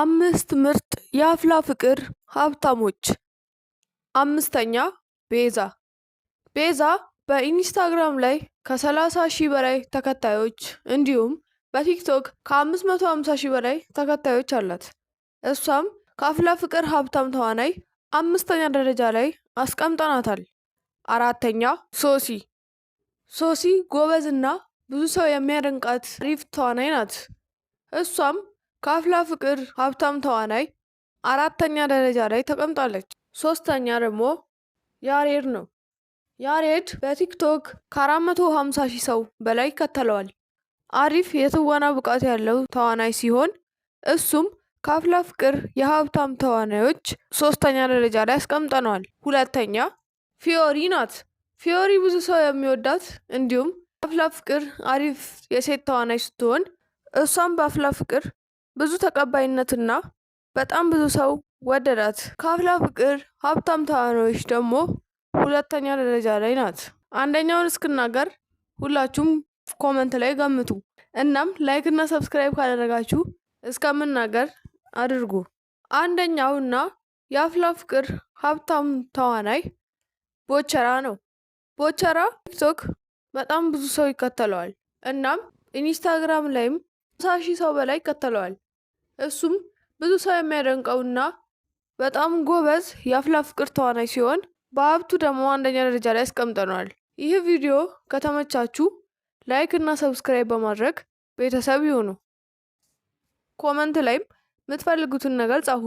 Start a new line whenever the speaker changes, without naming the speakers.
አምስት ምርጥ የአፍላ ፍቅር ሀብታሞች። አምስተኛ ቤዛ። ቤዛ በኢንስታግራም ላይ ከ30 ሺህ በላይ ተከታዮች እንዲሁም በቲክቶክ ከ550 ሺህ በላይ ተከታዮች አላት። እሷም ከአፍላ ፍቅር ሀብታም ተዋናይ አምስተኛ ደረጃ ላይ አስቀምጠናታል። አራተኛ ሶሲ። ሶሲ ጎበዝና ብዙ ሰው የሚያደንቃት ሪፍ ተዋናይ ናት። እሷም ከአፍላ ፍቅር ሀብታም ተዋናይ አራተኛ ደረጃ ላይ ተቀምጣለች። ሶስተኛ ደግሞ ያሬድ ነው። ያሬድ በቲክቶክ ከ450 ሺህ ሰው በላይ ይከተለዋል። አሪፍ የትወና ብቃት ያለው ተዋናይ ሲሆን እሱም ከአፍላ ፍቅር የሀብታም ተዋናዮች ሶስተኛ ደረጃ ላይ አስቀምጠነዋል። ሁለተኛ ፊዮሪ ናት። ፊዮሪ ብዙ ሰው የሚወዳት እንዲሁም አፍላ ፍቅር አሪፍ የሴት ተዋናይ ስትሆን እሷም በአፍላ ፍቅር ብዙ ተቀባይነትና በጣም ብዙ ሰው ወደዳት። ከአፍላ ፍቅር ሀብታም ተዋናዮች ደግሞ ሁለተኛ ደረጃ ላይ ናት። አንደኛውን እስክናገር ሁላችሁም ኮመንት ላይ ገምቱ። እናም ላይክ እና ሰብስክራይብ ካደረጋችሁ እስከምናገር አድርጉ። አንደኛውና የአፍላ ፍቅር ሀብታም ተዋናይ ቦቸራ ነው። ቦቸራ ቲክቶክ በጣም ብዙ ሰው ይከተለዋል። እናም ኢንስታግራም ላይም ሺህ ሰው በላይ ይከተለዋል። እሱም ብዙ ሰው የሚያደንቀውና በጣም ጎበዝ የአፍላ ፍቅር ተዋናይ ሲሆን በሀብቱ ደግሞ አንደኛ ደረጃ ላይ ያስቀምጠነዋል። ይህ ቪዲዮ ከተመቻችሁ ላይክ እና ሰብስክራይብ በማድረግ ቤተሰብ ይሁኑ። ኮመንት ላይም የምትፈልጉትን ነገር ጻፉ።